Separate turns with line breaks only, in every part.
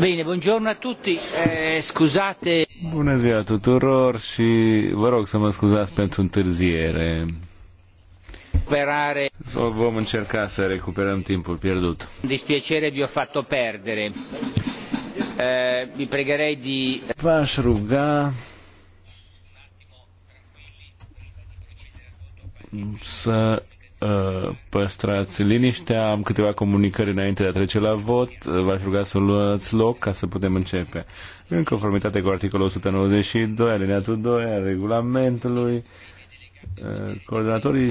Bine, buongiorno a tutti, eh, scuzate... Bună ziua tuturor și vă rog să mă scuzați pentru întârziere. Recuperare. Vom încerca să recuperăm timpul pierdut.
Dispiacere vi ho fatto
perdere. Eh, vi
pregherei di...
V-aș ruga să Uh, păstrați liniștea, am câteva comunicări înainte de a trece la vot, uh, v-aș ruga să luați loc ca să putem începe. În conformitate cu articolul 192, alineatul 2 al regulamentului, uh, coordonatorii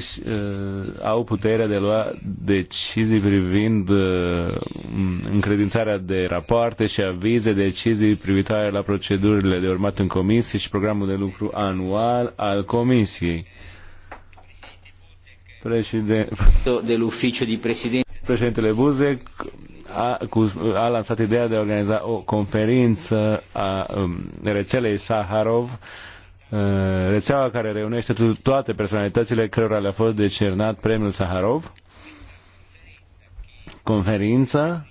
au puterea de a lua decizii privind încredințarea de rapoarte și avize, decizii privitoare la procedurile de urmat în comisie și programul de lucru anual al comisiei. Președin... președinte. Președintele Buzek a, cu, a lansat ideea de a organiza o conferință a um, rețelei Saharov, uh, rețeaua care reunește toate personalitățile cărora le-a fost decernat premiul Saharov. Conferința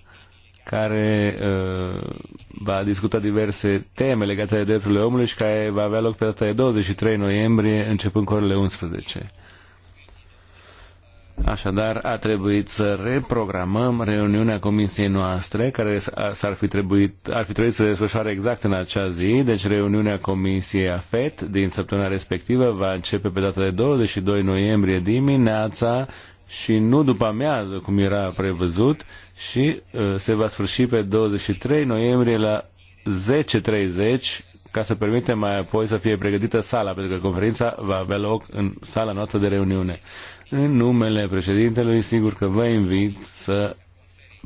care uh, va discuta diverse teme legate de drepturile omului și care va avea loc pe data de 23 noiembrie, începând cu orele 11. Așadar, a trebuit să reprogramăm reuniunea comisiei noastre, care s-ar fi trebuit, ar fi trebuit să se desfășoare exact în acea zi, deci reuniunea comisiei AFET din săptămâna respectivă va începe pe data de 22 noiembrie dimineața și nu după amiază, cum era prevăzut, și uh, se va sfârși pe 23 noiembrie la 10.30 ca să permite mai apoi să fie pregătită sala, pentru că conferința va avea loc în sala noastră de reuniune. În numele președintelui, sigur că vă invit să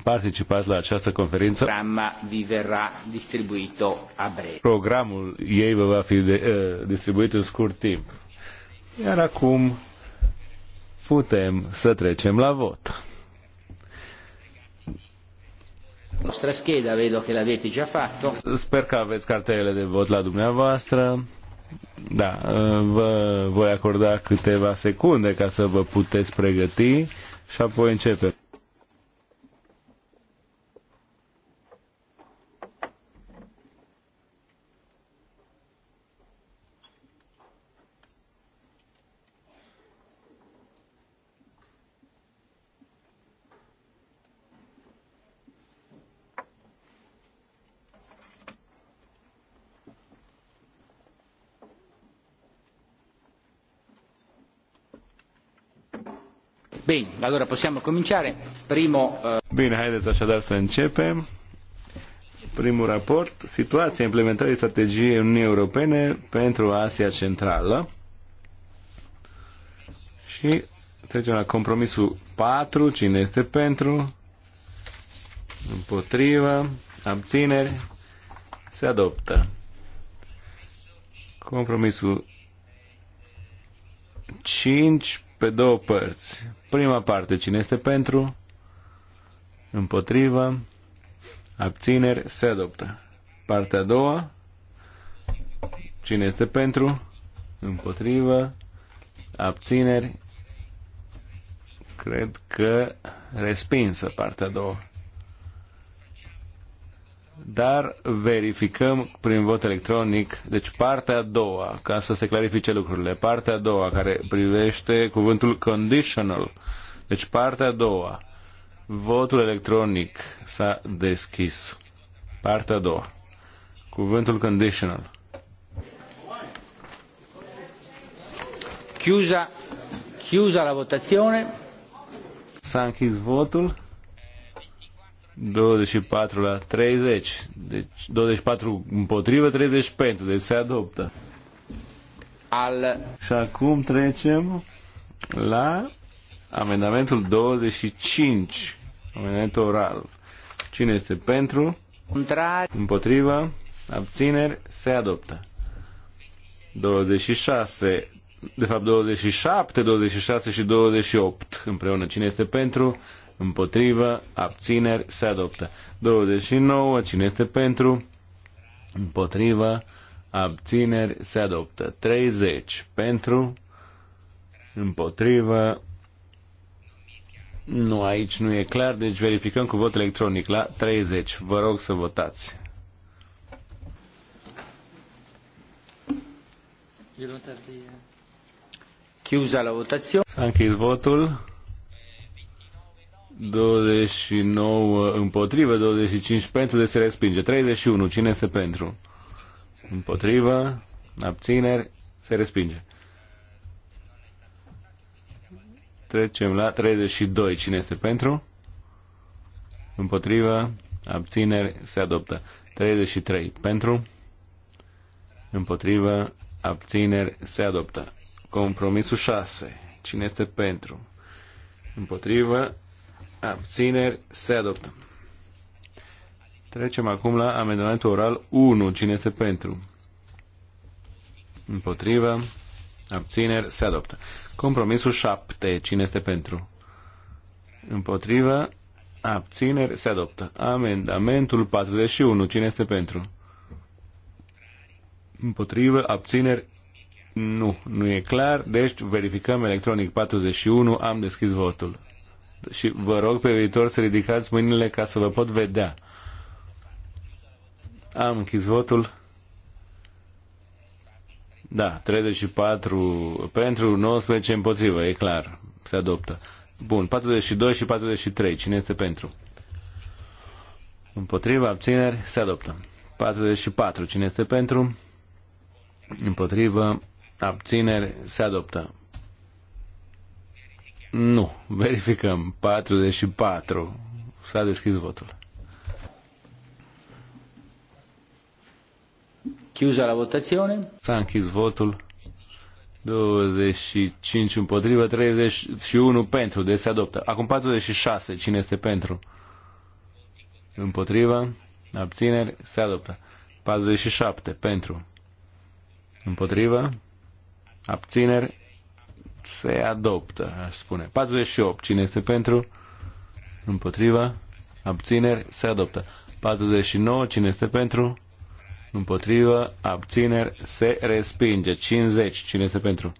participați la această conferință. vi
verrà distribuito a breve.
Programul ei vă va fi de, uh, distribuit în scurt timp. Iar acum putem să trecem la vot.
Nostra scheda vedo che l'avete già fatto.
Sper că aveți cartele de vot la dumneavoastră. Da, ă, vă voi acorda câteva secunde ca să vă puteți pregăti și apoi începem.
Bine, allora possiamo cominciare. Primo...
Uh... Bine, haideți așadar să începem. Primul raport, situația implementării strategiei Uniunii Europene pentru Asia Centrală. Și trecem la compromisul 4, cine este pentru, împotrivă, abțineri, se adoptă. Compromisul 5 pe două părți. Prima parte, cine este pentru, împotrivă, abțineri, se adoptă. Partea a doua, cine este pentru, împotrivă, abțineri, cred că respinsă partea a doua dar verificăm prin vot electronic, deci partea a doua, ca să se clarifice lucrurile, partea a doua care privește cuvântul conditional, deci partea a doua, votul electronic s-a deschis. Partea a doua, cuvântul conditional.
Chiusa, chiusa la votazione. S-a închis votul.
24 la 30. Deci 24 împotrivă, 30 pentru. Deci se adoptă. Al... Și acum trecem la amendamentul 25. Amendamentul oral. Cine este pentru? Contrar. Împotriva. Abțineri. Se adoptă. 26. De fapt, 27, 26 și 28 împreună. Cine este pentru? împotrivă, abțineri, se adoptă. 29, cine este pentru, împotrivă, abțineri, se adoptă. 30, pentru, împotrivă, nu, aici nu e clar, deci verificăm cu vot electronic la 30. Vă rog să votați. Chiusa la votazione. S-a închis votul. 29 împotrivă, 25 pentru, de deci se respinge. 31. Cine este pentru? Împotrivă, abțineri, se respinge. Trecem la 32. Cine este pentru? Împotrivă, abțineri, se adoptă. 33. Pentru? Împotrivă, abțineri, se adoptă. Compromisul 6. Cine este pentru? Împotrivă, abțineri, se adoptă. Trecem acum la amendamentul oral 1. Cine este pentru? Împotrivă. Abțineri. Se adoptă. Compromisul 7. Cine este pentru? Împotrivă. Abțineri. Se adoptă. Amendamentul 41. Cine este pentru? Împotrivă. Abțineri. Nu. Nu e clar. Deci verificăm electronic 41. Am deschis votul și vă rog pe viitor să ridicați mâinile ca să vă pot vedea. Am închis votul. Da, 34 pentru, 19 împotrivă, e clar. Se adoptă. Bun, 42 și 43. Cine este pentru? Împotrivă, abțineri, se adoptă. 44. Cine este pentru? Împotrivă, abțineri, se adoptă. Nu. Verificăm. 44. S-a deschis votul. Chiusa la votazione. S-a închis votul. 25 împotrivă, 31 pentru, deci se adoptă. Acum 46, cine este pentru? Împotrivă, abțineri, se adoptă. 47, pentru. Împotrivă, abțineri, se adoptă, aș spune. 48. Cine este pentru? Împotriva? Abțineri? Se adoptă. 49. Cine este pentru? Împotriva? Abțineri? Se respinge. 50. Cine este pentru?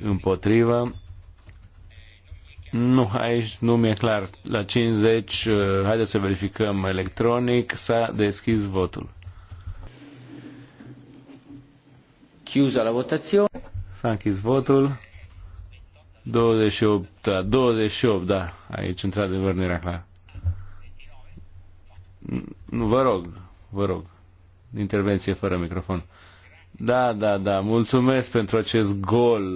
Împotriva? Nu, aici nu mi-e clar. La 50, uh, haideți să verificăm electronic, s-a deschis votul. Chiusa la votazione. S-a închis votul. 28, da, 28, da, aici într-adevăr nu era clar. Nu, vă rog, vă rog, intervenție fără microfon. Da, da, da, mulțumesc pentru acest gol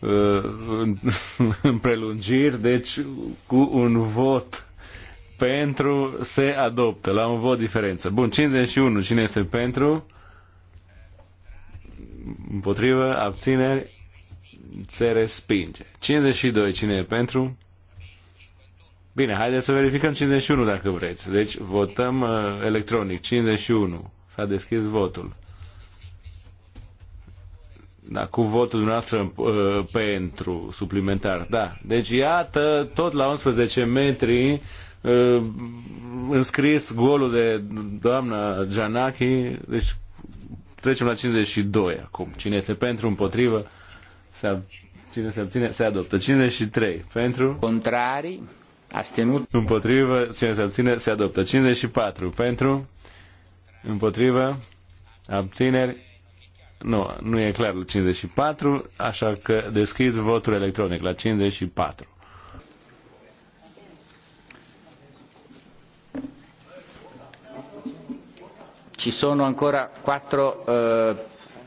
uh, în, în prelungiri, deci cu un vot pentru se adoptă, la un vot diferență. Bun, 51, cine este pentru? împotrivă, abțineri, se respinge. 52, cine e pentru? Bine, haideți să verificăm 51 dacă vreți. Deci votăm uh, electronic, 51. S-a deschis votul. Da, cu votul dumneavoastră uh, pentru suplimentar, da. Deci iată, tot la 11 metri uh, înscris golul de doamna Gianachi, deci Trecem la 52 acum. Cine este pentru, împotrivă, se cine se abține, se adoptă. 53 pentru. Contrari, astenut. Împotrivă, cine se abține, se adoptă. 54 pentru. Împotrivă, abțineri, nu, nu e clar la 54, așa că deschid votul electronic la 54. Ci sono
ancora quattro eh,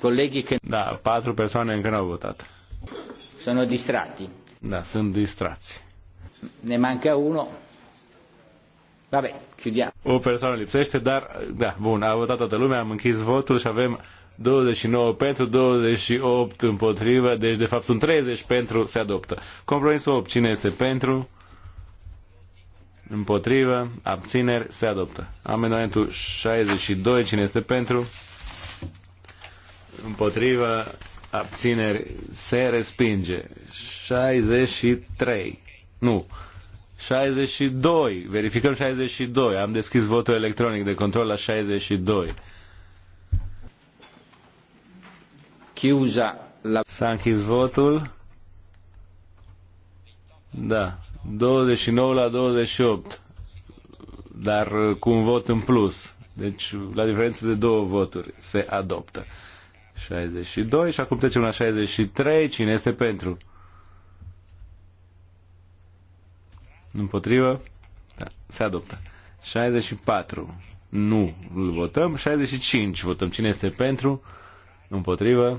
colleghi che... Da, patru persoane încă nu au votat. Sono distratti.
Da, sunt distrați.
Ne manca uno.
Vabbè, chiudiamo. O persoană lipsește, dar, da, bun, a votat toată lumea, am închis votul și avem 29 pentru, 28 împotrivă, deci de fapt sunt 30 pentru, se adoptă. Compromisul 8, cine este pentru? Împotrivă. Abțineri. Se adoptă. Amendamentul 62. Cine este pentru? Împotrivă. Abțineri. Se respinge. 63. Nu. 62. Verificăm 62. Am deschis votul electronic de control la 62. Chiuza. La... S-a închis votul. Da. 29 la 28, dar cu un vot în plus. Deci, la diferență de două voturi, se adoptă. 62 și acum trecem la 63. Cine este pentru? Împotrivă? Da, se adoptă. 64. Nu îl votăm. 65 votăm. Cine este pentru? Împotrivă?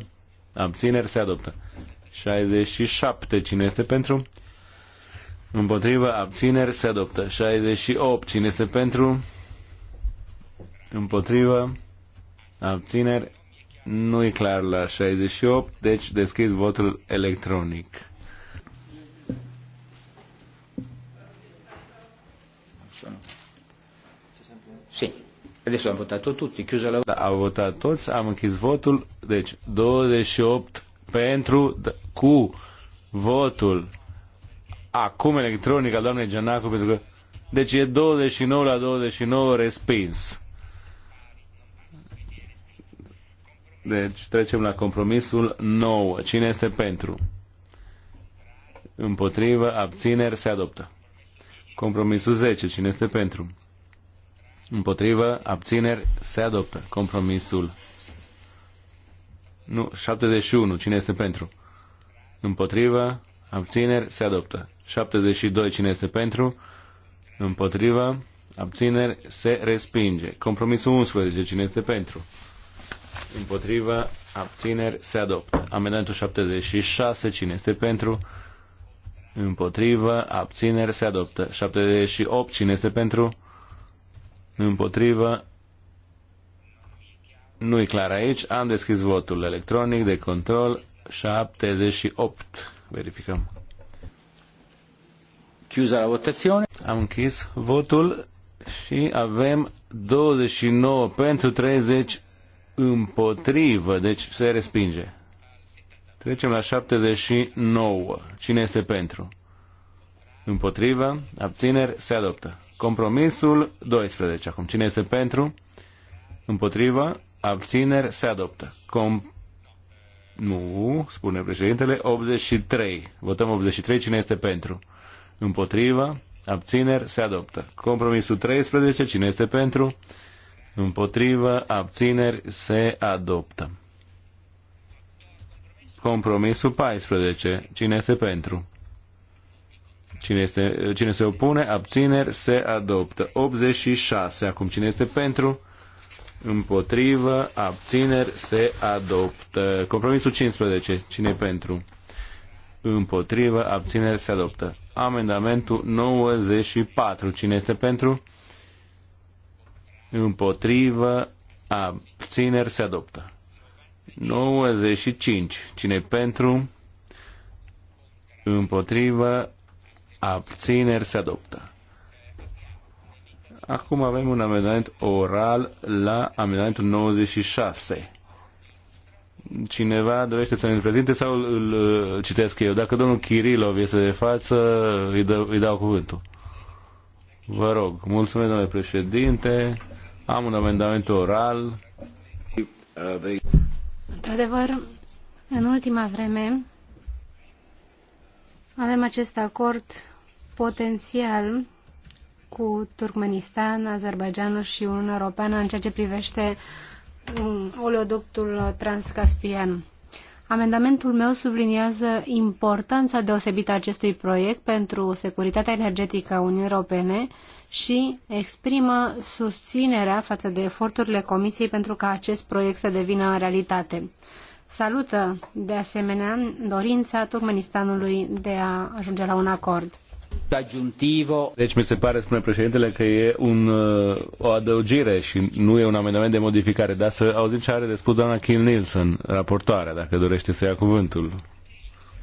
Abțineri? Se adoptă. 67. Cine este pentru? Împotrivă, abțineri se adoptă. 68. Cine este pentru? Împotrivă, abțineri nu e clar la 68, deci deschid votul electronic. adesso hanno votato tutti, chiusa la... Da, au votat toți, am închis votul, deci 28 pentru, cu votul acum electronic al doamnei Gianacu, pentru că... Deci e 29 la 29 respins. Deci trecem la compromisul 9. Cine este pentru? Împotrivă, abțineri, se adoptă. Compromisul 10. Cine este pentru? Împotrivă, abțineri, se adoptă. Compromisul nu, 71. Cine este pentru? Împotrivă, abțineri, se adoptă. 72, cine este pentru, împotriva, abțineri, se respinge. Compromisul 11, cine este pentru, împotriva, abțineri, se adoptă. Amendamentul 76, cine este pentru, împotriva, abțineri, se adoptă. 78, cine este pentru, împotriva, nu e clar aici, am deschis votul electronic de control 78. Verificăm. Chiusa la votazione. Am închis votul și avem 29 pentru 30 împotrivă, deci se respinge. Trecem la 79. Cine este pentru? Împotrivă, abțineri, se adoptă. Compromisul 12 acum. Cine este pentru? Împotrivă, abțineri, se adoptă. Com- nu, spune președintele, 83. Votăm 83, cine este pentru? Împotriva, abțineri, se adoptă. Compromisul 13, cine este pentru? Împotrivă, abțineri, se adoptă. Compromisul 14, cine este pentru? Cine, este, cine se opune, abțineri, se adoptă. 86, acum cine este pentru? împotrivă, abțineri, se adoptă. Compromisul 15, cine pentru? Împotrivă, abțineri, se adoptă. Amendamentul 94, cine este pentru? Împotrivă, abțineri, se adoptă. 95, cine pentru? Împotrivă, abțineri, se adoptă. Acum avem un amendament oral la amendamentul 96. Cineva dorește să ne prezinte sau îl, îl citesc eu? Dacă domnul Kirilov este de față, îi, dă, îi dau cuvântul. Vă rog, mulțumesc, domnule președinte. Am un amendament oral.
Într-adevăr, în ultima vreme avem acest acord potențial cu Turkmenistan, Azerbaijanul și Uniunea Europeană în ceea ce privește um, oleoductul transcaspian. Amendamentul meu subliniază importanța deosebită a acestui proiect pentru securitatea energetică a Uniunii Europene și exprimă susținerea față de eforturile Comisiei pentru ca acest proiect să devină realitate. Salută, de asemenea, dorința Turkmenistanului de a ajunge la un acord.
Adjuntivo. Deci mi se pare, spune președintele, că e un, uh, o adăugire și nu e un amendament de modificare, dar să auzim ce are de spus doamna Kim Nielsen, raportoarea, dacă dorește să ia cuvântul.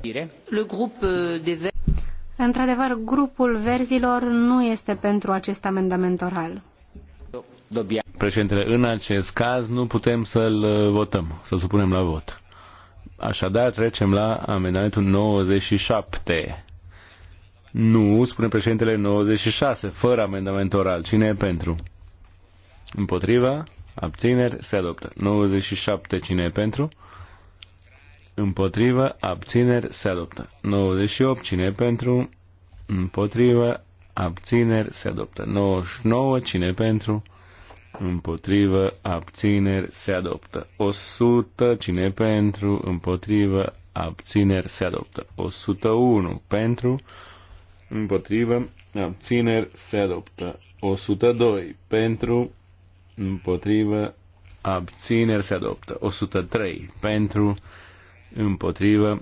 Le grup uh,
de Într-adevăr, grupul verzilor nu este pentru acest amendament oral.
Președintele, în acest caz nu putem să-l uh, votăm, să-l supunem la vot. Așadar, trecem la amendamentul 97. Nu, spune președintele 96, fără amendament oral. Cine e pentru? Împotriva? Abțineri? Se adoptă. 97. Cine e pentru? Împotriva? Abțineri? Se adoptă. 98. Cine e pentru? Împotriva? Abțineri? Se adoptă. 99. Cine e pentru? Împotrivă, abțineri, se adoptă. 100, cine e pentru, împotrivă, abțineri, se adoptă. 101, pentru, împotrivă, abțineri, se adoptă. 102 pentru, împotrivă, abțineri, se adoptă. 103 pentru, împotrivă,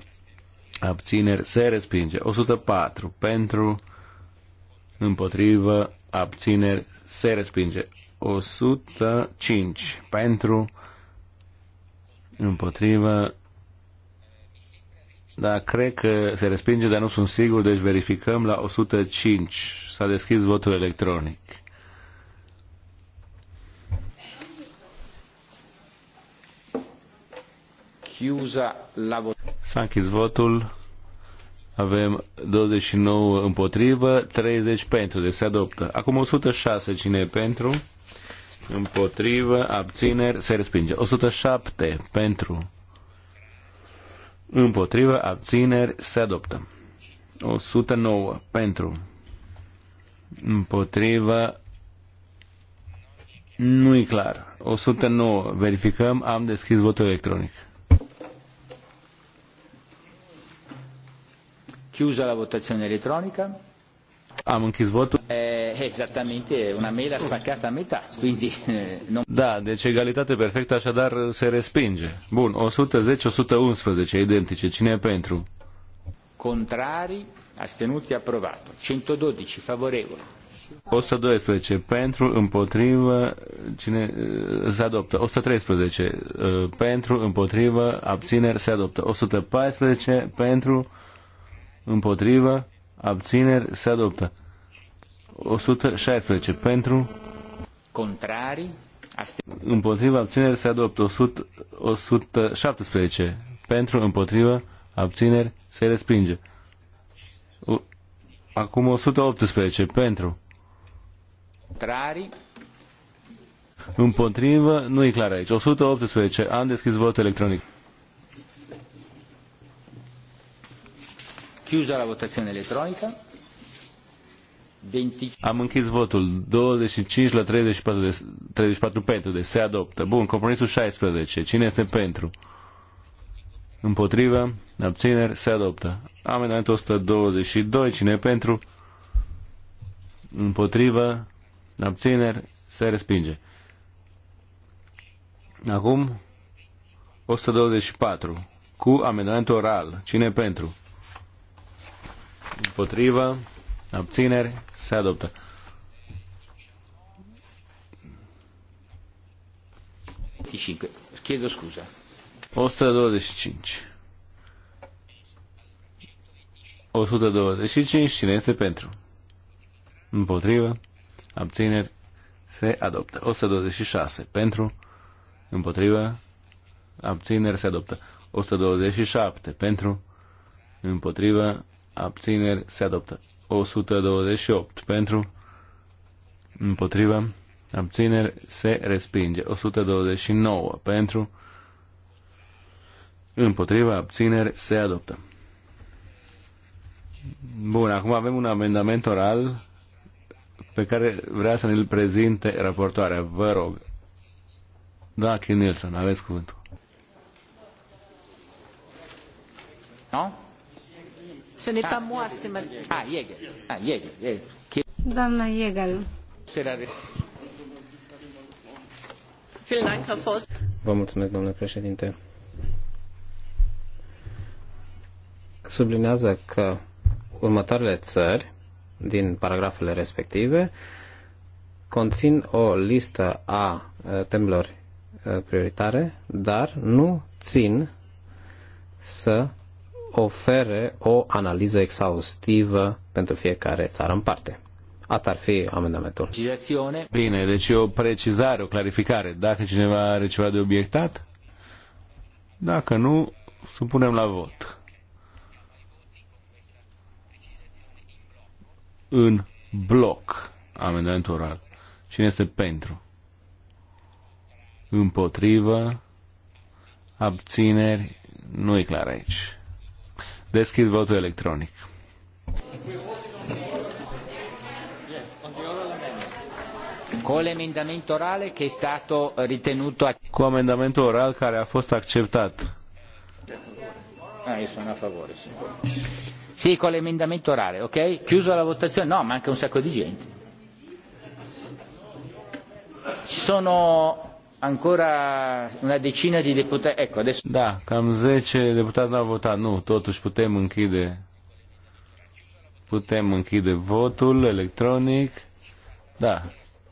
abțineri, se respinge. 104 pentru, împotrivă, abțineri, se respinge. 105 pentru, împotrivă, da, cred că se respinge, dar nu sunt sigur, deci verificăm la 105. S-a deschis votul electronic.
Chiusa la vot.
S-a închis votul. Avem 29 împotrivă, 30 pentru, deci se adoptă. Acum 106 cine e pentru? Împotrivă, abțineri, se respinge. 107 pentru, Împotriva abțineri, se adoptă. 109 pentru. Împotriva. nu e clar. 109. Verificăm. Am deschis votul electronic.
Chiusa la votazione elettronica.
Am închis votul.
Eh, exactamente, una mela spaccata a metà, quindi... Eh, non... Da,
deci egalitate perfectă, așadar se respinge. Bun, 110-111, identice. Cine e pentru?
Contrari, astenuti, aprovato. 112, favorevole.
112 pentru, împotrivă, cine eh, se adoptă? 113 eh, pentru, împotrivă, abțineri se adoptă. 114 pentru, împotrivă, abțineri, se adoptă. 116 pentru,
contrari,
împotriva, abțineri, se adoptă. 100, 117 pentru, împotriva, abțineri, se respinge. Acum 118 pentru.
Contrari.
Împotrivă, nu e clar aici. 118. Am deschis votul electronic.
Chiusa la votazione elettronica.
20... Am închis votul 25 la 34, de, 34 pentru, deci se adoptă. Bun, compromisul 16. Cine este pentru? Împotrivă, abțineri, se adoptă. Amendamentul 122, cine e pentru? Împotrivă, abțineri, se respinge. Acum, 124, cu amendamentul oral. Cine pentru? Împotrivă. Abțineri. Se adoptă. Chiedo scuza. 125. 125. Cine este pentru? Împotrivă. Abțineri. Se adoptă. 126. Pentru. Împotrivă. Abțineri. Se adoptă. 127. Pentru. Împotrivă abțineri, se adoptă. 128 pentru, împotriva, abțineri, se respinge. 129 pentru, împotriva, abțineri, se adoptă. Bun, acum avem un amendament oral pe care vrea să ne-l prezinte raportoarea. Vă rog. Da, Kim Nilsson, aveți cuvântul. Nu? No?
Ce n'est pas ah, moi, c'est ma... Ah, Jäger.
Ah, Jäger. Jäger. Doamna Jäger.
Vă mulțumesc, domnule președinte. Sublinează că următoarele țări din paragrafele respective conțin o listă a eh, temelor eh, prioritare, dar nu țin să ofere o analiză exhaustivă pentru fiecare țară în parte. Asta ar fi amendamentul. Bine, deci e o precizare, o
clarificare. Dacă cineva are ceva de obiectat, dacă nu, supunem la vot. În bloc, amendamentul oral. Cine este pentru? Împotrivă? Abțineri? Nu e clar aici. Deschid votul electronic.
Cu l'emendamento orale che è stato ritenuto... amendamentul oral care a fost acceptat. Ah, io sono a favore, sì. Sì, con l'emendamento orale, ok? Chiuso la votazione? No, manca un sacco di gente. Ci sono ancora una decina di deputati. Ecco, adesso... Da,
cam 10 deputati n-au votat. Nu, totuși putem închide putem închide votul electronic. Da,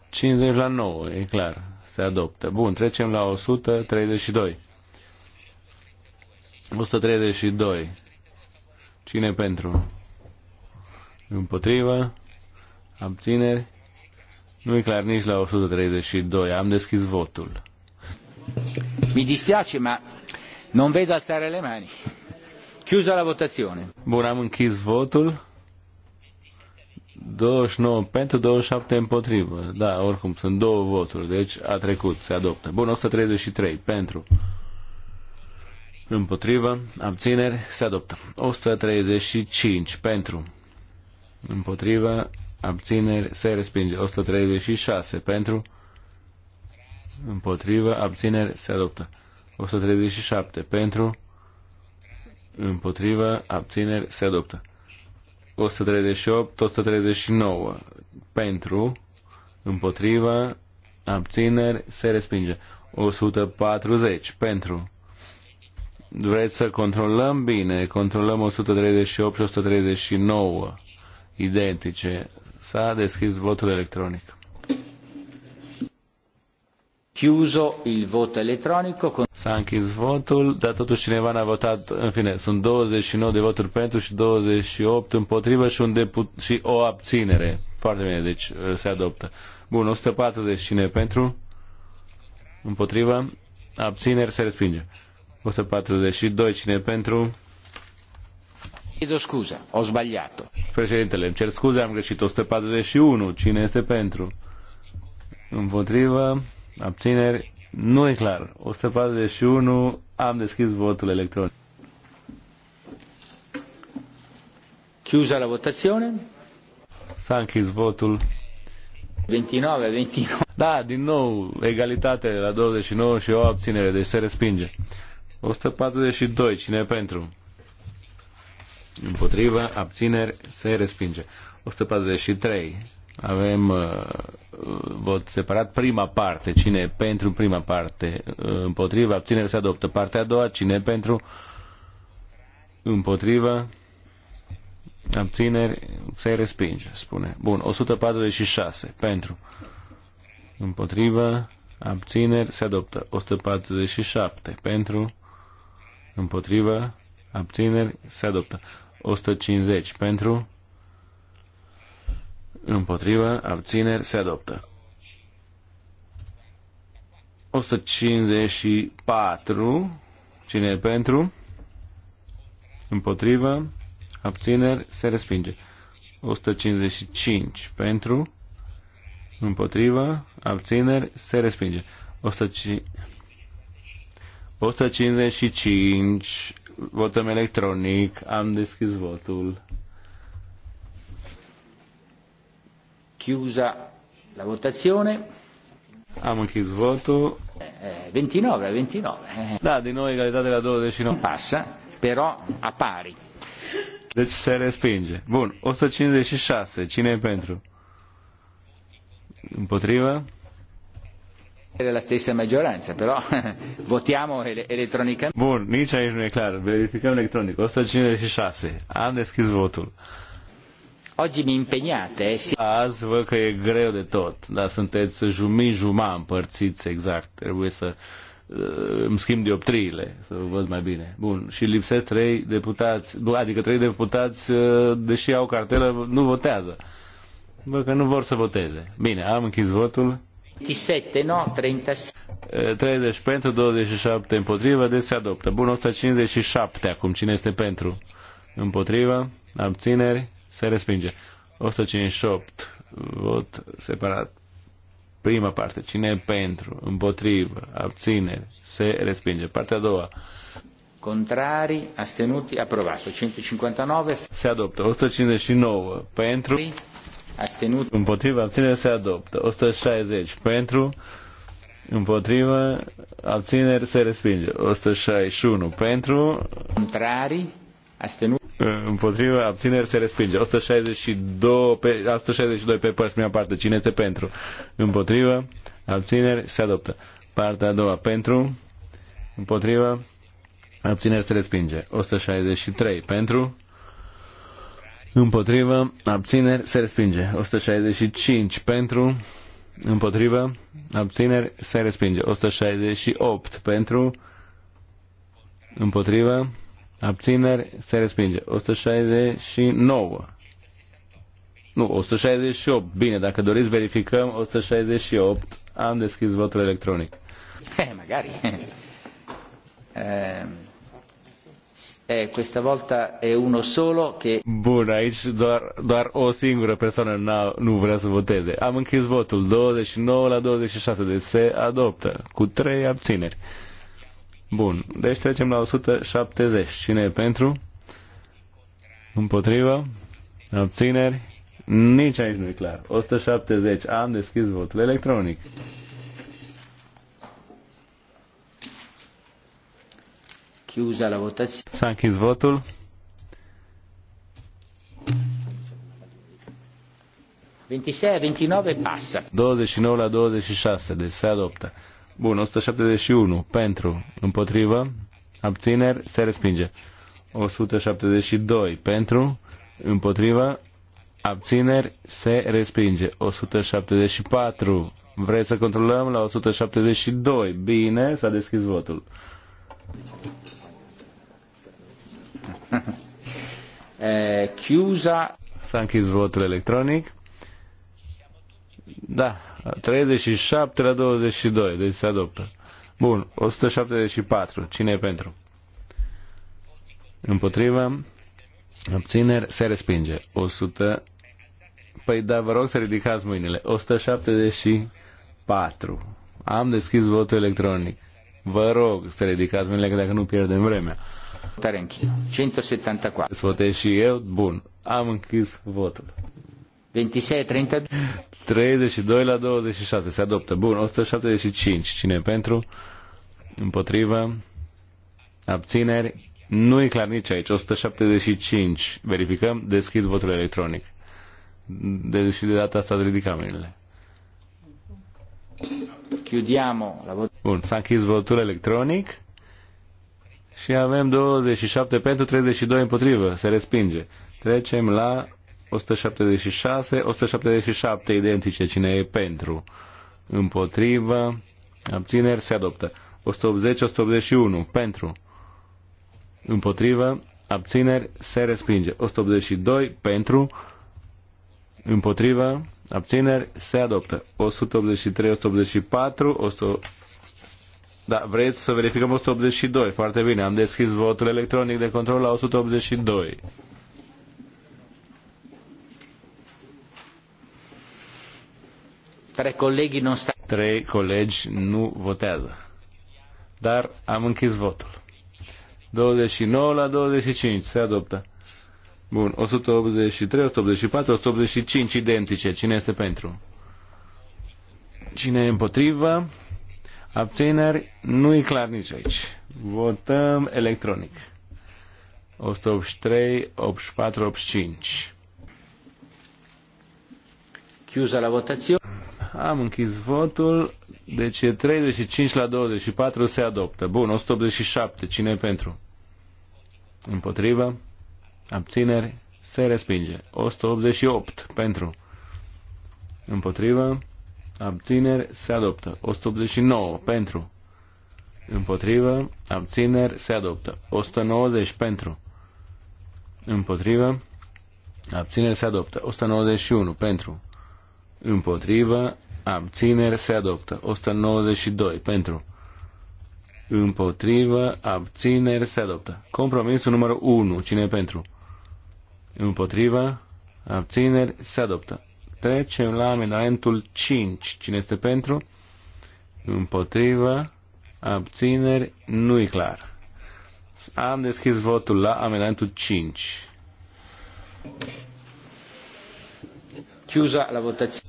50 la 9, e clar, se adoptă. Bun, trecem la 132. 132. Cine pentru? Împotrivă? Abțineri? Nu e clar nici la 132. Am deschis votul. Mi dispiace, ma non vedo alzare le mani. Chiusa la votazione. Bun, am închis votul. 29 pentru, 27 împotrivă. Da, oricum, sunt două voturi, deci a trecut, se adoptă. Bun, 133 pentru. Împotrivă, abțineri, se adoptă. 135 pentru. Împotrivă, abțineri, se respinge. 136 pentru, împotrivă, abțineri, se adoptă. 137 pentru, împotrivă, abțineri, se adoptă. 138, 139 pentru, împotrivă, abțineri, se respinge. 140 pentru. Vreți să controlăm bine, controlăm 138 și 139 identice. S-a deschis votul electronic. Chiuso il voto elettronico. Con... S-a închis votul, dar totuși cineva n-a votat. În fine, sunt 29 de voturi pentru și 28 împotrivă și, un deput- și o abținere. Foarte bine, deci uh, se adoptă. Bun, 140 cine pentru? Împotrivă? Abțineri se respinge. 142 cine pentru?
Chiedo scuza,
ho sbagliato. Președintele, îmi cer scuze, am greșit 141. Cine este pentru? Împotrivă, abțineri, nu e clar. 141, am deschis votul electronic. Chiusa la votazione. S-a închis votul. 29, 29. Da, din nou, egalitate la 29 și o abținere, deci se respinge. 142, cine e pentru? Împotrivă, abțineri, se respinge. 143. Avem uh, vot separat prima parte. Cine e pentru prima parte? Uh, împotrivă, abțineri, se adoptă. Partea a doua, cine e pentru? Împotrivă, abțineri, se respinge, spune. Bun, 146. Pentru. Împotrivă, abțineri, se adoptă. 147. Pentru. Împotrivă, abțineri, se adoptă. 150 pentru, împotrivă, abțineri, se adoptă. 154, cine e pentru, împotrivă, abțineri, se respinge. 155 pentru, împotrivă, abțineri, se respinge. 105 155, votăm electronic, am deschis votul.
Chiusa la votazione. Am închis votul. 29, eh, 29. Eh, eh, da, din nou egalitate la 29. Passa, però a pari.
Deci se respinge. Bun, 156, cine e pentru? Împotrivă?
la stessa maggioranza, però
votiamo elettronicamente. Bun, nici aici nu e clar. Verificăm electronic. 156. Am deschis votul. Oggi mi impegnate, eh? Sì. Azi văd că e greu de tot, dar sunteți jumii juma împărțiți exact. Trebuie să uh, îmi schimb dioptriile, să văd mai bine. Bun, și lipsesc trei deputați, adică trei deputați, uh, deși au cartelă, nu votează. văd că nu vor să voteze. Bine, am închis votul.
37, no? 36.
30 eh, pentru, 27 împotrivă, deci se adoptă. Bun, 157 acum. Cine este pentru? Împotrivă, abțineri, se respinge. 158, vot separat. Prima parte, cine e pentru, împotrivă, abțineri, se respinge. Partea a doua.
Contrari, astenuti, aprovato. 159.
Se adoptă. 159 pentru. Astenut. Împotriva abțineri se adoptă. 160 pentru. Împotriva abțineri se respinge. 161 pentru. Contrari. Astenut. Împotriva abțineri se respinge. 162 pe, 162 pe părți, prima parte. Cine este pentru? Împotriva abțineri se adoptă. Partea a doua pentru. Împotriva abțineri se respinge. 163 pentru. Împotrivă, abțineri, se respinge. 165 pentru, împotrivă, abțineri, se respinge. 168 pentru, împotrivă, abțineri, se respinge. 169. Nu, 168. Bine, dacă doriți, verificăm 168. Am deschis votul electronic.
Hei, magari.
Ehm, Eh, questa volta è uno solo che... Bun, aici doar, doar o singură persoană nu vrea să voteze. Am închis votul 29 la 26, de se adoptă cu 3 abțineri. Bun, deci trecem la 170. Cine e pentru? Împotrivă? Abțineri? Nici aici nu e clar. 170. Am deschis votul electronic.
Chiusa la votație. S-a
închis votul. passa. 29 la 26, deci se adoptă. Bun, 171 pentru, împotrivă, abțineri, se respinge. 172 pentru, împotrivă, abțineri, se respinge. 174, vreți să controlăm la 172. Bine, s-a deschis votul. Eh, chiusa. S-a închis votul electronic. Da, 37 la 22, deci se adoptă. Bun, 174. Cine e pentru? Împotrivă. Abțineri. Se respinge. 100. Păi da, vă rog să ridicați mâinile. 174. Am deschis votul electronic. Vă rog să ridicați mâinile, că dacă nu pierdem vremea. Tarenchi, 174. Să votez și eu? Bun. Am închis votul. 26, 32. 32 la 26 se adoptă. Bun, 175. Cine pentru? Împotriva? Abțineri? Nu e clar nici aici. 175. Verificăm. Deschid votul electronic. Deși deci de data asta ridicăm mâinile.
Chiudiamo la vot.
Bun, s-a închis votul electronic. Și avem 27 pentru, 32 împotrivă. Se respinge. Trecem la 176, 177 identice. Cine e pentru? Împotrivă. Abțineri se adoptă. 180, 181 pentru. Împotrivă. Abțineri se respinge. 182 pentru. Împotrivă, abțineri, se adoptă. 183, 184, da, vreți să verificăm 182. Foarte bine, am deschis votul electronic de control la 182. Trei colegi nu, sta... Trei colegi nu votează. Dar am închis votul. 29 la 25 se adoptă. Bun, 183, 184, 185 identice. Cine este pentru? Cine e împotrivă? Abțineri? Nu e clar nici aici. Votăm electronic. 183, 84, 85. Chiusa la votație. Am închis votul. Deci e 35 la 24 se adoptă. Bun, 187. Cine e pentru? Împotrivă? Abțineri? Se respinge. 188 pentru. Împotrivă? abțineri, se adoptă. 189 pentru, împotrivă, abțineri, se adoptă. 190 pentru, împotrivă, abțineri, se adoptă. 191 pentru, împotrivă, abțineri, se adoptă. 192 pentru, împotrivă, abțineri, se adoptă. Compromisul numărul 1, cine pentru? Împotrivă, abțineri, se adoptă. Trecem la amendamentul 5. Cine este pentru? Împotrivă. Abțineri. nu e clar. Am deschis votul la amendamentul 5. Chiusa la votație.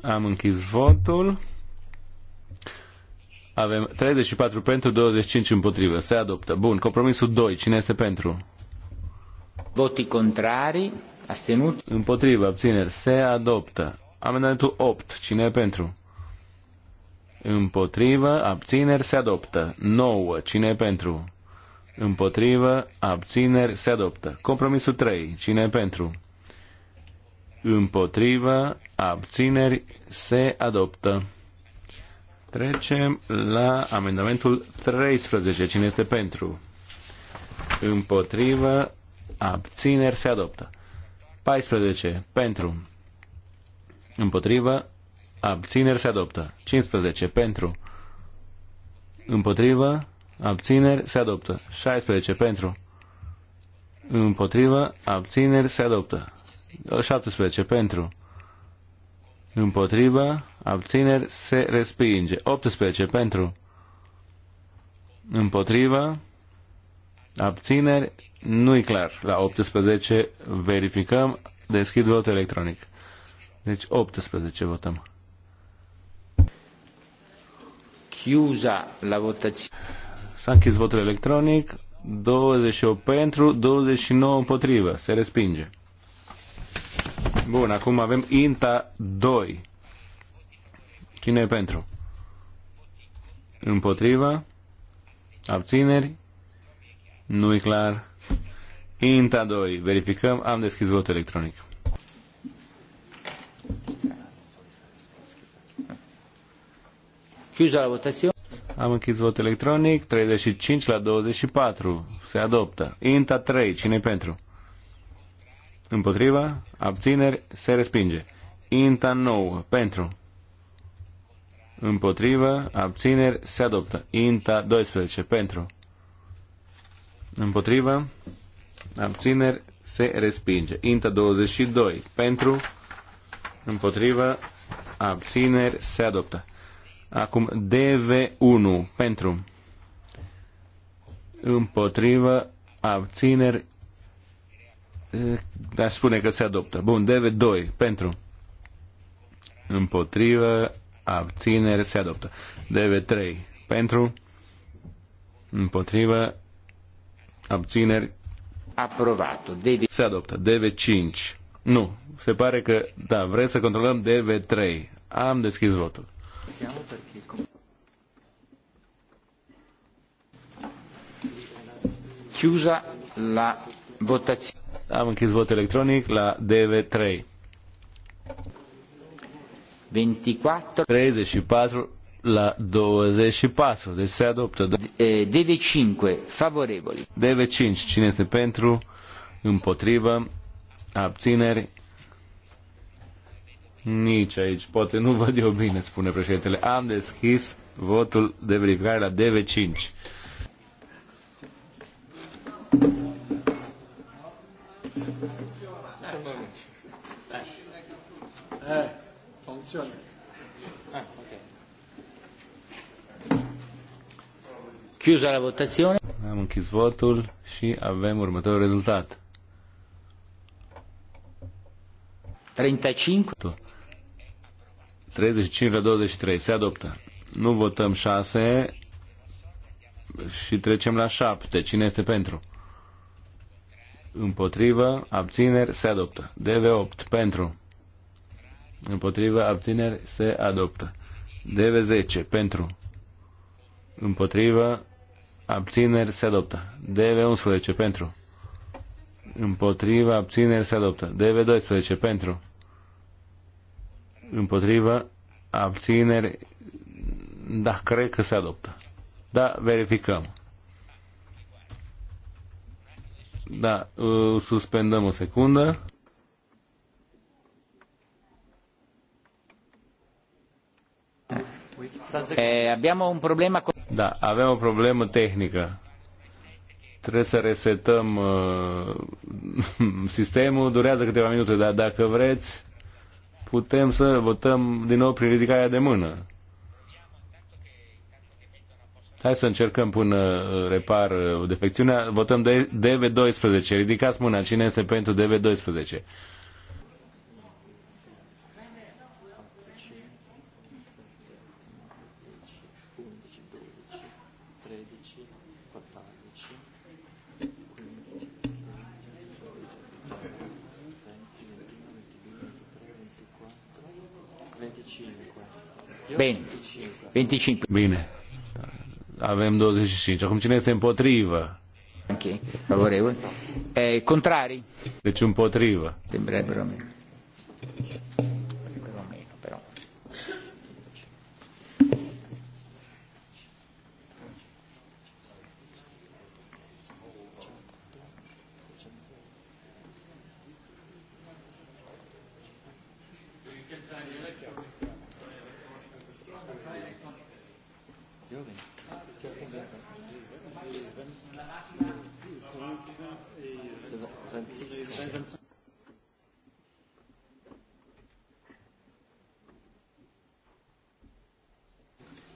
Am închis votul. Avem 34 pentru, 25 împotrivă. Se adoptă. Bun. Compromisul 2. Cine este pentru? Voti contrari. Astenut. Împotrivă, abțineri, se adoptă. Amendamentul 8, cine e pentru? Împotrivă, abțineri, se adoptă. 9, cine e pentru? Împotrivă, abțineri, se adoptă. Compromisul 3, cine e pentru? Împotrivă, abțineri, se adoptă. Trecem la amendamentul 13. Cine este pentru? Împotrivă, abțineri, se adoptă. 14. Pentru. Împotrivă. Abțineri se adoptă. 15. Pentru. Împotrivă. Abțineri se adoptă. 16. Pentru. Împotrivă. Abțineri se adoptă. 17. Pentru. Împotrivă. Abțineri se respinge. 18. Pentru. Împotrivă abțineri, nu e clar. La 18 verificăm, deschid vot electronic. Deci 18 votăm. Chiuza la votație. S-a închis votul electronic, 28 pentru, 29 împotrivă. Se respinge. Bun, acum avem INTA 2. Cine e pentru? Împotriva? Abțineri? Nu e clar. Inta 2. Verificăm. Am deschis votul electronic. votație. Am închis vot electronic. 35 la 24. Se adoptă. Inta 3. cine pentru? Împotriva. Abțineri. Se respinge. Inta 9. Pentru. Împotriva. Abțineri. Se adoptă. Inta 12. Pentru. Împotrivă. Abțineri. Se respinge. Inta 22. Pentru. Împotrivă. Abțineri. Se adoptă. Acum DV1. Pentru. Împotrivă. Abțineri. Dar eh, spune că se adoptă. Bun. DV2. Pentru. Împotrivă. Abțineri. Se adoptă. DV3. Pentru. Împotrivă Abțineri. Aprovat. DV... Se adoptă. DV5. Nu. Se pare că, da, vreți să controlăm DV3. Am deschis votul. Chiusa la votație. Am închis votul electronic la DV3. 24. 34 la 24, deci se adoptă. DV5, da. favorevoli. DV5, cine este pentru, împotrivă, abțineri, nici aici, poate nu văd eu bine, spune președintele. Am deschis votul de verificare la DV5. Funcționează. Chiusa la votazione. Am închis votul și avem următorul rezultat. 35. 35 la 23. Se adoptă. Nu votăm 6 și trecem la 7. Cine este pentru? Împotrivă, abțineri, se adoptă. DV8 pentru. Împotrivă, abțineri, se adoptă. DV10 pentru. Împotrivă, abțineri se adoptă. DV11 pentru. Împotriva, abțineri se adoptă. DV12 pentru. Împotriva, abțineri, da, cred că se adoptă. Da, verificăm. Da, suspendăm o secundă.
abbiamo un problema con...
Da, avem o problemă tehnică. Trebuie să resetăm uh, sistemul, durează câteva minute, dar dacă vreți, putem să votăm din nou prin ridicarea de mână. Hai să încercăm până uh, repar uh, defecțiunea. Votăm DV12. Ridicați mâna. Cine este pentru DV12? 25. Bine. Avem 25. Acum cine este împotrivă? Ok, favorevole. Eh, contrari? Deci împotrivă. Sembrebbero meno.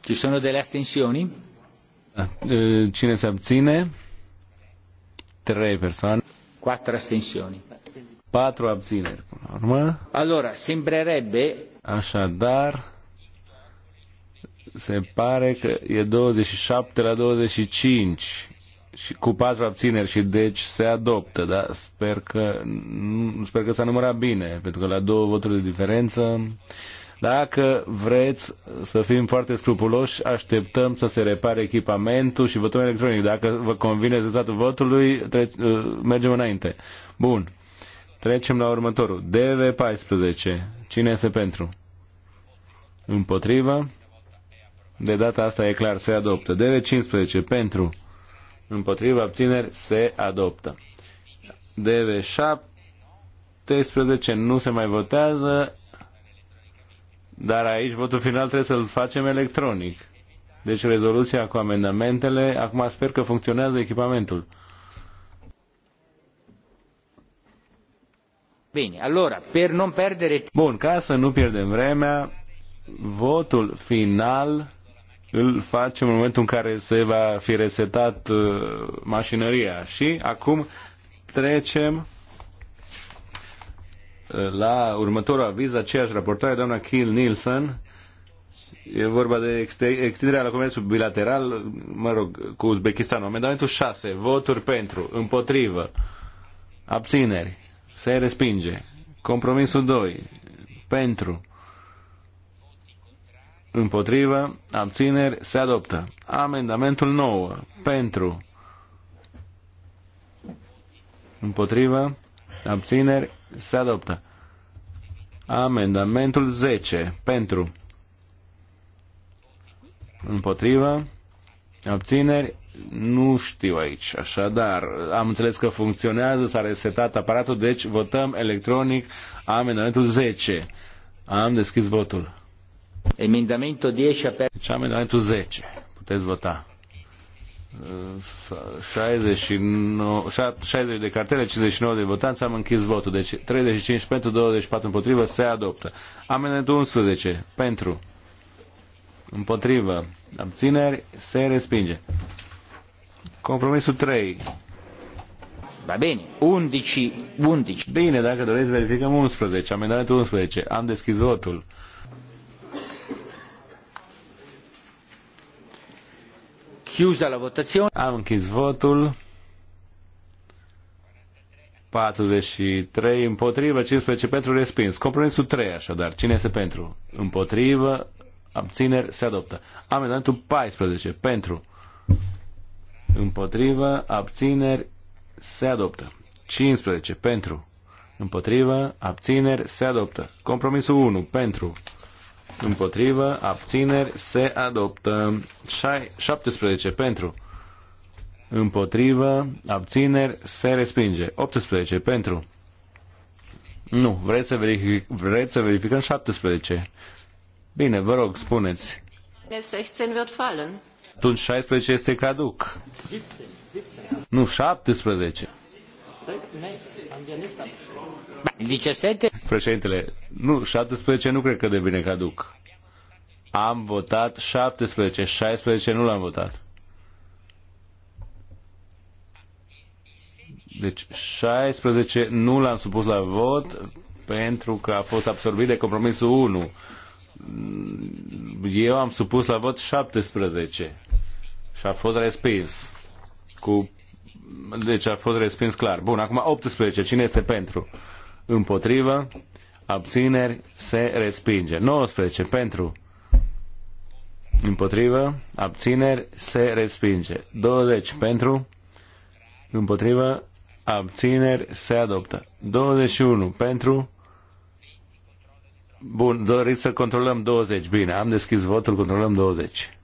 Ci sono delle astensioni?
Da. Cine si abstiene? Trei persoane.
Quattro astensioni.
Patru abstiner. Allora, sembrerebbe... Așadar, se pare că e 27 la 25 și cu patru abțineri și deci se adoptă, dar Sper că, sper că s-a numărat bine, pentru că la două voturi de diferență dacă vreți să fim foarte scrupuloși, așteptăm să se repare echipamentul și votul electronic. Dacă vă convine rezultatul votului, trece, uh, mergem înainte. Bun. Trecem la următorul. DV14. Cine este pentru? Împotrivă. De data asta e clar, se adoptă. DV15 pentru. Împotrivă. abțineri se adoptă. dv 13 nu se mai votează. Dar aici votul final trebuie să-l facem electronic. Deci rezoluția cu amendamentele, acum sper că funcționează echipamentul. Bine, allora, per non perdere... Bun, ca să nu pierdem vremea, votul final îl facem în momentul în care se va fi resetat uh, mașinăria. Și acum trecem la următorul aviz, aceeași raportare, doamna Kiel Nielsen, E vorba de extinderea la comerțul bilateral, mă rog, cu Uzbekistan. Amendamentul 6, voturi pentru, împotrivă, abțineri, se respinge. Compromisul 2, pentru, împotrivă, abțineri, se adoptă. Amendamentul 9, pentru, împotrivă, abțineri, se adoptă. Amendamentul 10. Pentru. Împotrivă. Abțineri. Nu știu aici. Așadar, am înțeles că funcționează, s-a resetat aparatul, deci votăm electronic amendamentul 10. Am deschis votul. Amendamentul 10 Deci amendamentul 10. Puteți vota. 69, 60 de cartele, 59 de votanți, am închis votul. Deci 35 pentru, 24 împotrivă, se adoptă. Amendamentul 11 pentru, împotrivă, abțineri, se respinge. Compromisul 3. Va bine, 11, 11. Bine, dacă doriți verificăm 11, amendamentul 11. Am deschis votul. Chiusa la votazione. Am închis votul. 43 împotrivă, 15 pentru respins. Compromisul 3 așadar. Cine este pentru? Împotrivă, abțineri, se adoptă. Amendamentul 14 pentru. Împotrivă, abțineri, se adoptă. 15 pentru. Împotrivă, abțineri, se adoptă. Compromisul 1 pentru împotrivă, abțineri, se adoptă. 17 pentru, împotrivă, abțineri, se respinge. 18 pentru. Nu, vreți să, verific, vreți să verificăm 17. Bine, vă rog, spuneți.
16 wird fallen.
Atunci 16 este caduc.
17.
Nu, 17. 16. Președintele, nu, 17 nu cred că devine caduc. Am votat 17, 16 nu l-am votat. Deci 16 nu l-am supus la vot pentru că a fost absorbit de compromisul 1. Eu am supus la vot 17 și a fost respins. Cu... Deci a fost respins clar. Bun, acum 18. Cine este pentru? împotrivă, abțineri, se respinge. 19 pentru, împotrivă, abțineri, se respinge. 20 pentru, împotrivă, abțineri, se adoptă. 21 pentru, bun, doriți să controlăm 20, bine, am deschis votul, controlăm 20.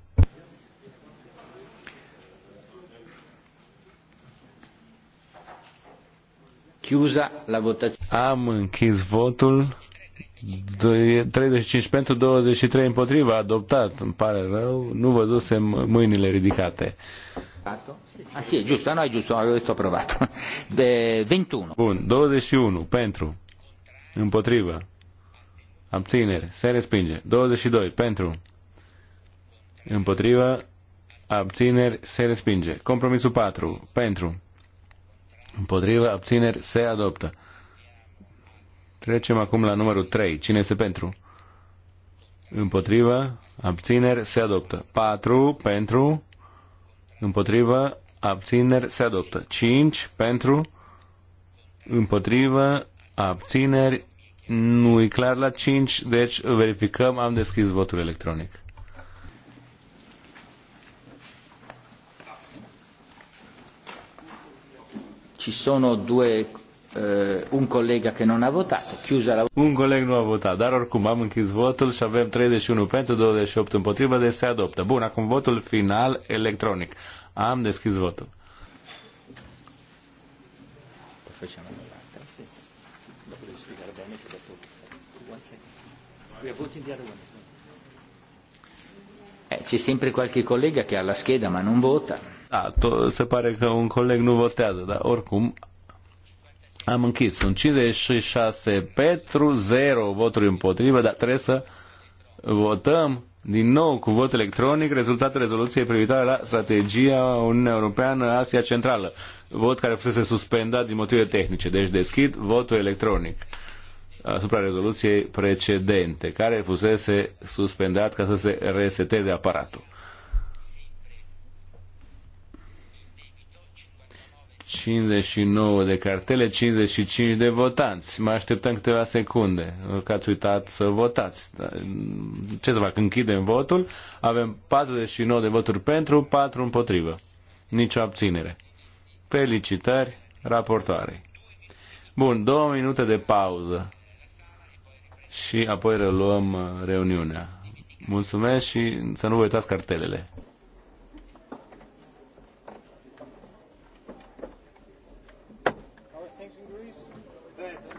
Chiusa la votazione. Am închis votul. 35 pentru, 23 împotriva, adoptat, îmi pare rău, nu văzusem mâinile ridicate. Ah, sì, giusto, ah, no, è giusto, avevo ah, detto approvato. De 21. Bun, 21 pentru, împotriva, abținere, se respinge. 22 pentru, împotriva, abțineri, se respinge. Compromisul 4 pentru, Împotriva abțineri se adoptă. Trecem acum la numărul 3. Cine este pentru? Împotriva abțineri se adoptă. 4 pentru. Împotriva abțineri se adoptă. 5 pentru. Împotriva abțineri nu e clar la 5, deci verificăm, am deschis votul electronic.
Ci sono due Uh, un collega che non ha votato,
chiusa la Un coleg nu a votat, dar oricum am închis votul și avem 31 pentru, 28 împotrivă, de deci se adoptă. Bun, acum votul final electronic. Am deschis votul.
Eh, c'è sempre qualche collega che ha la scheda ma non vota.
Da, to, se pare că un coleg nu votează, dar oricum am închis. Sunt 56 pentru, 0 voturi împotrivă, dar trebuie să votăm din nou cu vot electronic rezultatul rezoluției privitoare la strategia Uniunea Europeană Asia Centrală. Vot care fusese suspendat din motive tehnice. Deci deschid votul electronic asupra rezoluției precedente, care fusese suspendat ca să se reseteze aparatul. 59 de cartele, 55 de votanți. Mai așteptăm câteva secunde, că ați uitat să votați. Ce să fac, închidem votul, avem 49 de voturi pentru, 4 împotrivă. Nicio abținere. Felicitări raportoarei. Bun, două minute de pauză și apoi reluăm uh, reuniunea. Mulțumesc și să nu vă uitați cartelele. Luis. Present.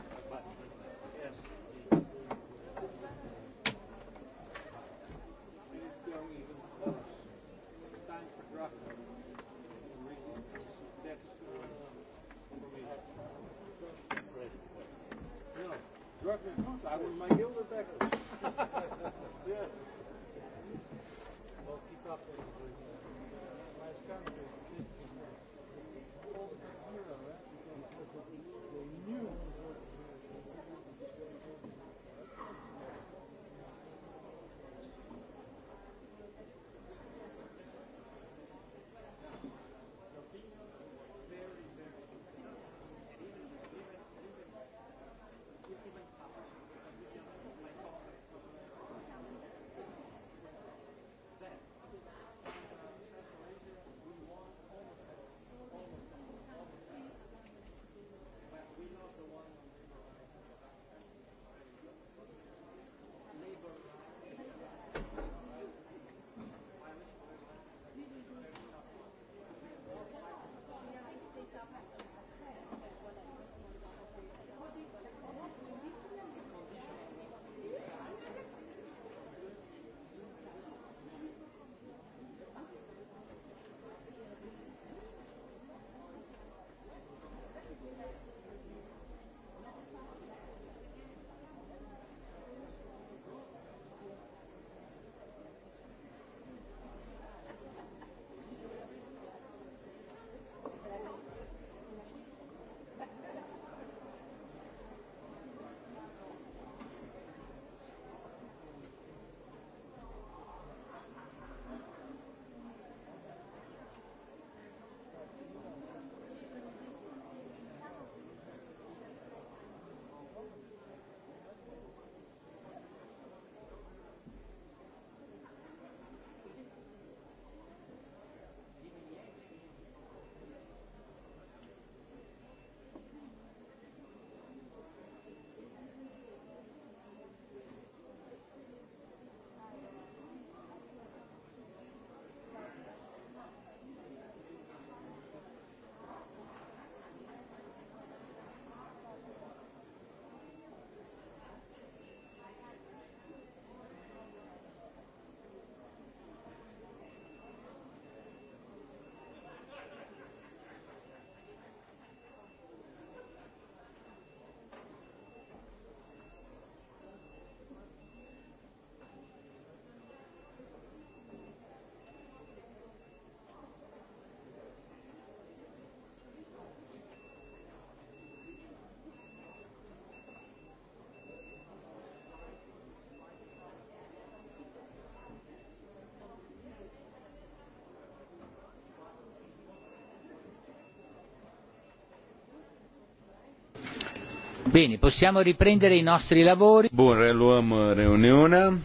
Bine, possiamo riprendere i nostri lavori. Bun, reluăm uh, reuniunea.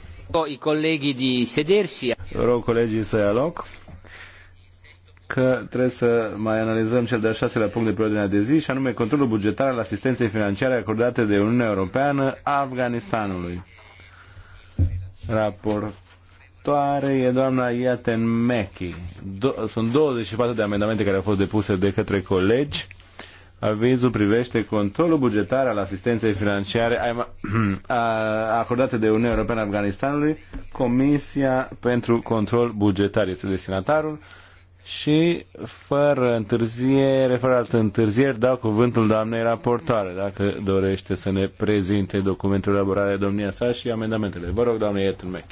I colleghi
di sedersi.
Rog colegii să ia loc că trebuie să mai analizăm cel de-al șaselea punct de pe ordinea de zi, și anume controlul bugetar al asistenței financiare acordate de Uniunea Europeană a Afganistanului. Raportoare e doamna Iaten Mechi. Do- sunt 24 de amendamente care au fost depuse de către colegi. Avizul privește controlul bugetar al asistenței financiare acordate de Uniunea Europeană Afganistanului, Comisia pentru Control Bugetar este destinatarul și fără întârziere, fără altă întârziere, dau cuvântul doamnei raportoare, dacă dorește să ne prezinte documentul elaborare domnia sa și amendamentele. Vă rog, doamne Ietelmech.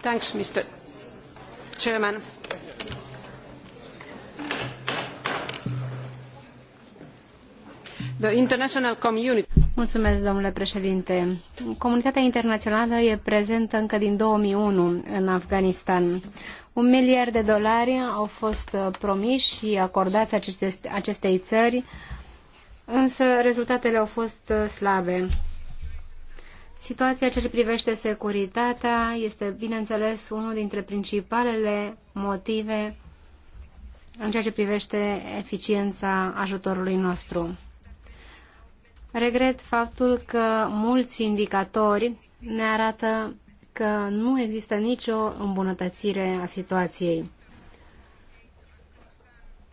Thanks, Mr. Chairman.
domnule președinte. Comunitatea internațională e prezentă încă din 2001 în Afganistan. Un miliard de dolari au fost uh, promii și acordai acestei țări, însă rezultatele au fost uh, slabe. Situația ce privește securitatea este, bineînțeles, unul dintre principalele motive în ceea ce privește eficiența ajutorului nostru. Regret faptul că mulți indicatori ne arată că nu există nicio îmbunătățire a situației.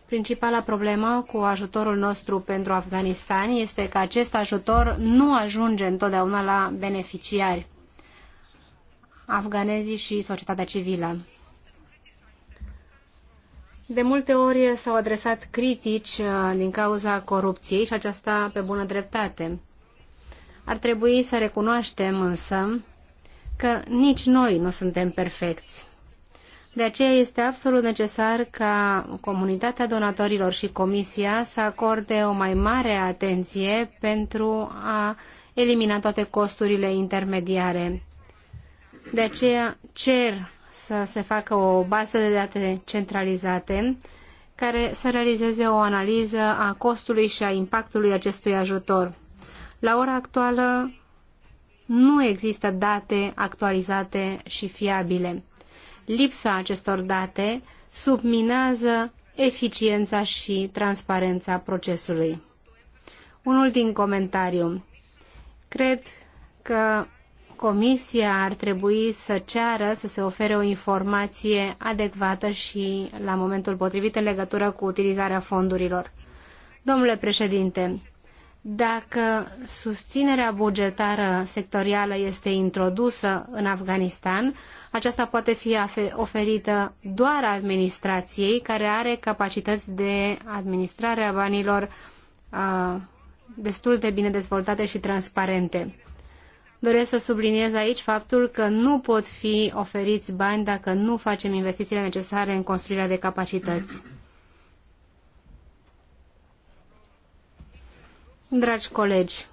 Principala problemă cu ajutorul nostru pentru Afganistan este că acest ajutor nu ajunge întotdeauna la beneficiari, afganezii și societatea civilă. De multe ori s-au adresat critici uh, din cauza corupției și aceasta pe bună dreptate. Ar trebui să recunoaștem însă că nici noi nu suntem perfecți. De aceea este absolut necesar ca comunitatea donatorilor și comisia să acorde o mai mare atenție pentru a elimina toate costurile intermediare. De aceea cer să se facă o bază de date centralizate care să realizeze o analiză a costului și a impactului acestui ajutor. La ora actuală nu există date actualizate și fiabile. Lipsa acestor date subminează eficiența și transparența procesului. Unul din comentariu. Cred că Comisia ar trebui să ceară să se ofere o informație adecvată și la momentul potrivit în legătură cu utilizarea fondurilor. Domnule președinte, dacă susținerea bugetară sectorială este introdusă în Afganistan, aceasta poate fi oferită doar administrației care are capacități de administrare a banilor a, uh, destul de bine dezvoltate și transparente. Doresc să subliniez aici faptul că nu pot fi oferiți bani dacă nu facem investițiile necesare în construirea de capacități. Dragi colegi,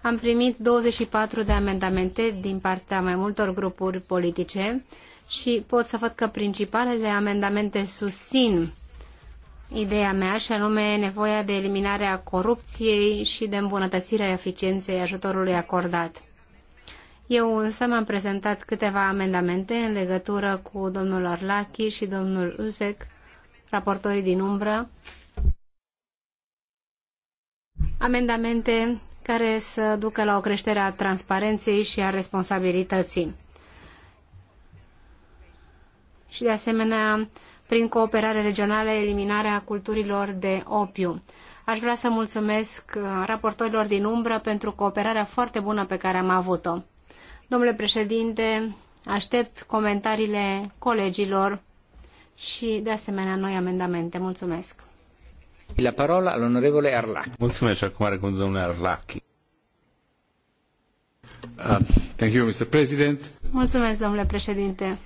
am primit 24 de amendamente din partea mai multor grupuri politice și pot să văd că principalele amendamente susțin ideea mea și anume nevoia de eliminare a corupției și de îmbunătățirea eficienței ajutorului acordat. Eu însă m-am prezentat câteva amendamente în legătură cu domnul Arlachi și domnul Uzec, raportorii din umbră, amendamente care să ducă la o creștere a transparenței și a responsabilității. Și de asemenea, prin cooperare regională, eliminarea culturilor de opiu. Aș vrea să mulțumesc uh, raportorilor din umbră pentru cooperarea foarte bună pe care am avut-o. Domnule președinte, aștept comentariile colegilor și, de asemenea, noi amendamente. Mulțumesc.
La parola al onorevole Arlac.
Mulțumesc și acum are cuvântul domnul Arlachi. Uh, thank you, Mr. President.
Mulțumesc, domnule președinte.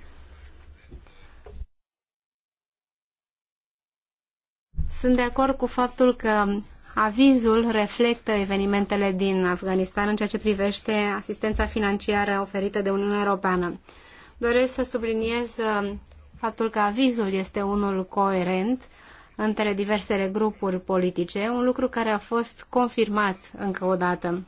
Sunt de acord cu faptul că avizul reflectă evenimentele din Afganistan în ceea ce privește asistența financiară oferită de Uniunea Europeană. Doresc să subliniez uh, faptul că avizul este unul coerent între diversele grupuri politice, un lucru care a fost confirmat încă o dată.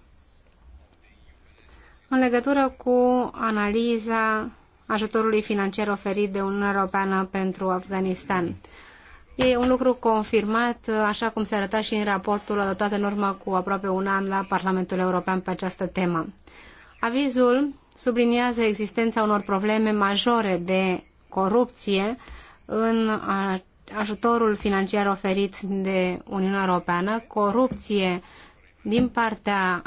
În legătură cu analiza ajutorului financiar oferit de Uniunea Europeană pentru Afganistan. E un lucru confirmat, așa cum se arăta și în raportul adoptat în urmă cu aproape un an la Parlamentul European pe această temă. Avizul subliniază existența unor probleme majore de corupție în ajutorul financiar oferit de Uniunea Europeană, corupție din partea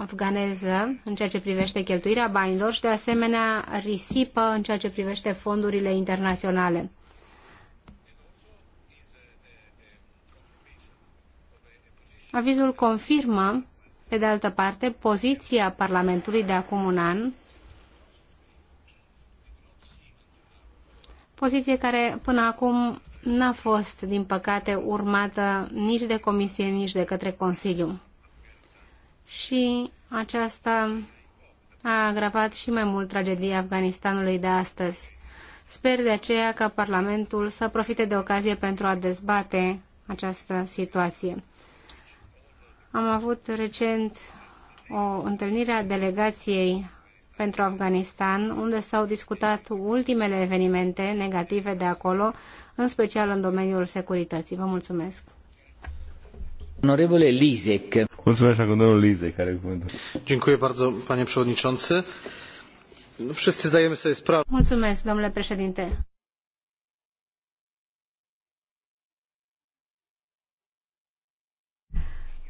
afganeză în ceea ce privește cheltuirea banilor și de asemenea risipă în ceea ce privește fondurile internaționale. Avizul confirmă, pe de altă parte, poziția Parlamentului de acum un an, poziție care până acum n-a fost, din păcate, urmată nici de Comisie, nici de către Consiliu. Și aceasta a agravat și mai mult tragedia Afganistanului de astăzi. Sper de aceea că Parlamentul să profite de ocazie pentru a dezbate această situație. Am avut recent o întâlnire a delegației pentru Afganistan, unde s-au discutat ultimele evenimente negative de acolo, în special în domeniul securității. Vă mulțumesc.
Onorevole Lizek. Mulțumesc, domnul Lizek, care cuvântul. Dziękuję bardzo, panie przewodniczący. Wszyscy zdajemy sobie sprawę.
Mulțumesc, domnule președinte.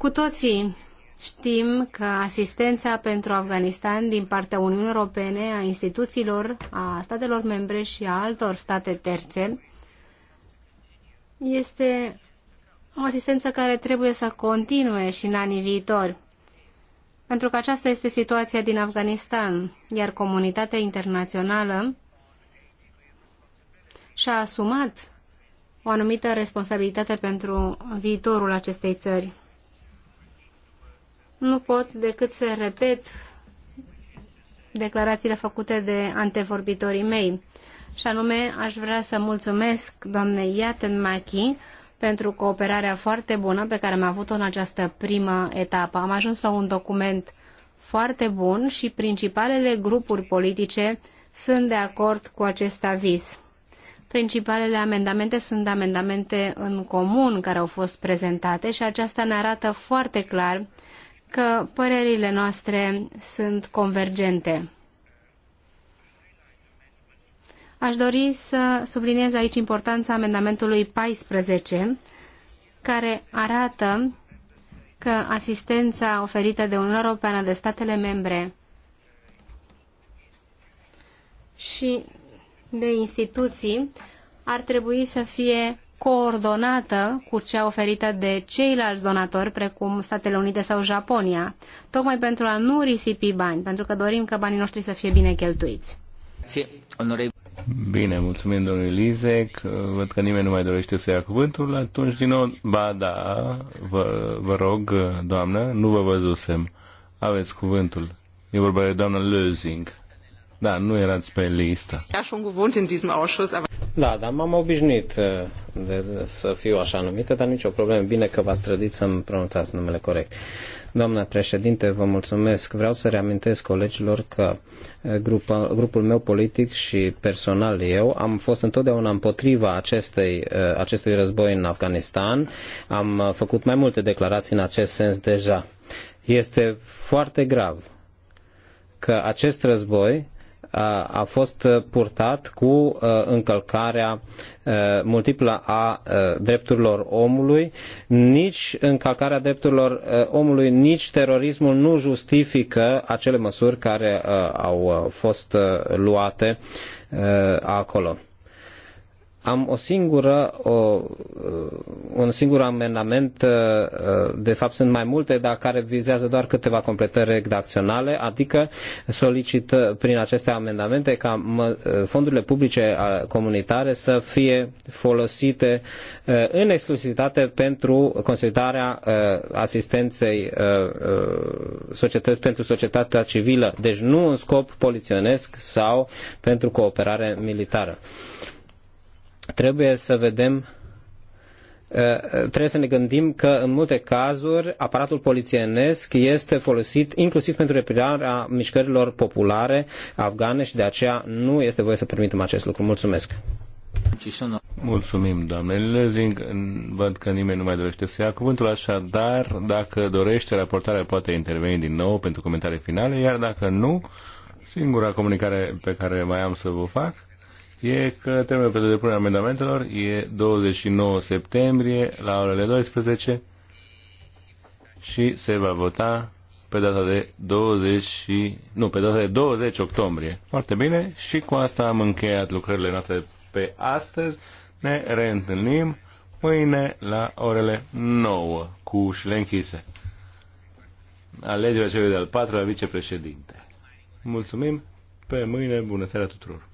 Cu toții știm că asistența pentru Afganistan din partea Uniunii Europene, a instituțiilor, a statelor membre și a altor state terțe este o asistență care trebuie să continue și în anii viitori. Pentru că aceasta este situația din Afganistan, iar comunitatea internațională și-a asumat o anumită responsabilitate pentru viitorul acestei țări nu pot decât să repet declarațiile făcute de antevorbitorii mei. Și anume, aș vrea să mulțumesc doamnei Iaten Machi pentru cooperarea foarte bună pe care am avut-o în această primă etapă. Am ajuns la un document foarte bun și principalele grupuri politice sunt de acord cu acest aviz. Principalele amendamente sunt amendamente în comun care au fost prezentate și aceasta ne arată foarte clar că părerile noastre sunt convergente. Aș dori să subliniez aici importanța amendamentului 14, care arată că asistența oferită de Uniunea Europeană de statele membre și de instituții ar trebui să fie coordonată cu cea oferită de ceilalți donatori, precum Statele Unite sau Japonia, tocmai pentru a nu risipi bani, pentru că dorim ca banii noștri să fie bine cheltuiți.
Bine, mulțumim domnului Lizec. Văd că nimeni nu mai dorește să ia cuvântul. Atunci, din nou, ba da, vă, vă rog, doamnă, nu vă văzusem. Aveți cuvântul. E vorba de doamna Lözing. Da, nu erați pe listă.
Da, dar m-am obișnuit uh, de, să fiu așa numită, dar nicio problemă. Bine că v-ați trădit să-mi pronunțați numele corect. Doamna președinte, vă mulțumesc. Vreau să reamintesc colegilor că uh, grupa, uh, grupul meu politic și personal eu am fost întotdeauna împotriva acestei, acestui război în Afganistan. Am făcut mai multe declarații în acest sens deja. Este foarte grav că acest război a fost uh, purtat cu uh, încălcarea uh, multiplă a drepturilor omului, nici încălcarea drepturilor omului, nici terorismul nu justifică acele măsuri care au fost luate acolo am o singură, o, un singur amendament, uh, de fapt sunt mai multe, dar care vizează doar câteva completări redacționale, adică solicit uh, prin aceste amendamente ca uh, fondurile publice comunitare să fie folosite în exclusivitate pentru consolidarea asistenței societăți, pentru societatea civilă, deci nu în scop poliționesc sau pentru cooperare militară trebuie să vedem uh, uh, trebuie să ne gândim că în multe cazuri aparatul polițienesc este folosit inclusiv pentru reprimarea mișcărilor populare afgane și de aceea nu este voie să permitem acest lucru. Mulțumesc!
Mulțumim, doamne Lezing. Văd că nimeni nu mai dorește să ia cuvântul, așa, dar dacă dorește, raportarea poate interveni din nou pentru comentarii finale, iar dacă nu, singura comunicare pe care mai am să vă fac e că termenul pentru depunerea amendamentelor e 29 septembrie la orele 12 și se va vota pe data de 20 și, nu, pe data de 20 octombrie. Foarte bine și cu asta am încheiat lucrările noastre pe astăzi. Ne reîntâlnim mâine la orele 9 cu ușile închise. Alegerea celui de-al patrulea vicepreședinte. Mulțumim, pe mâine, bună seara tuturor!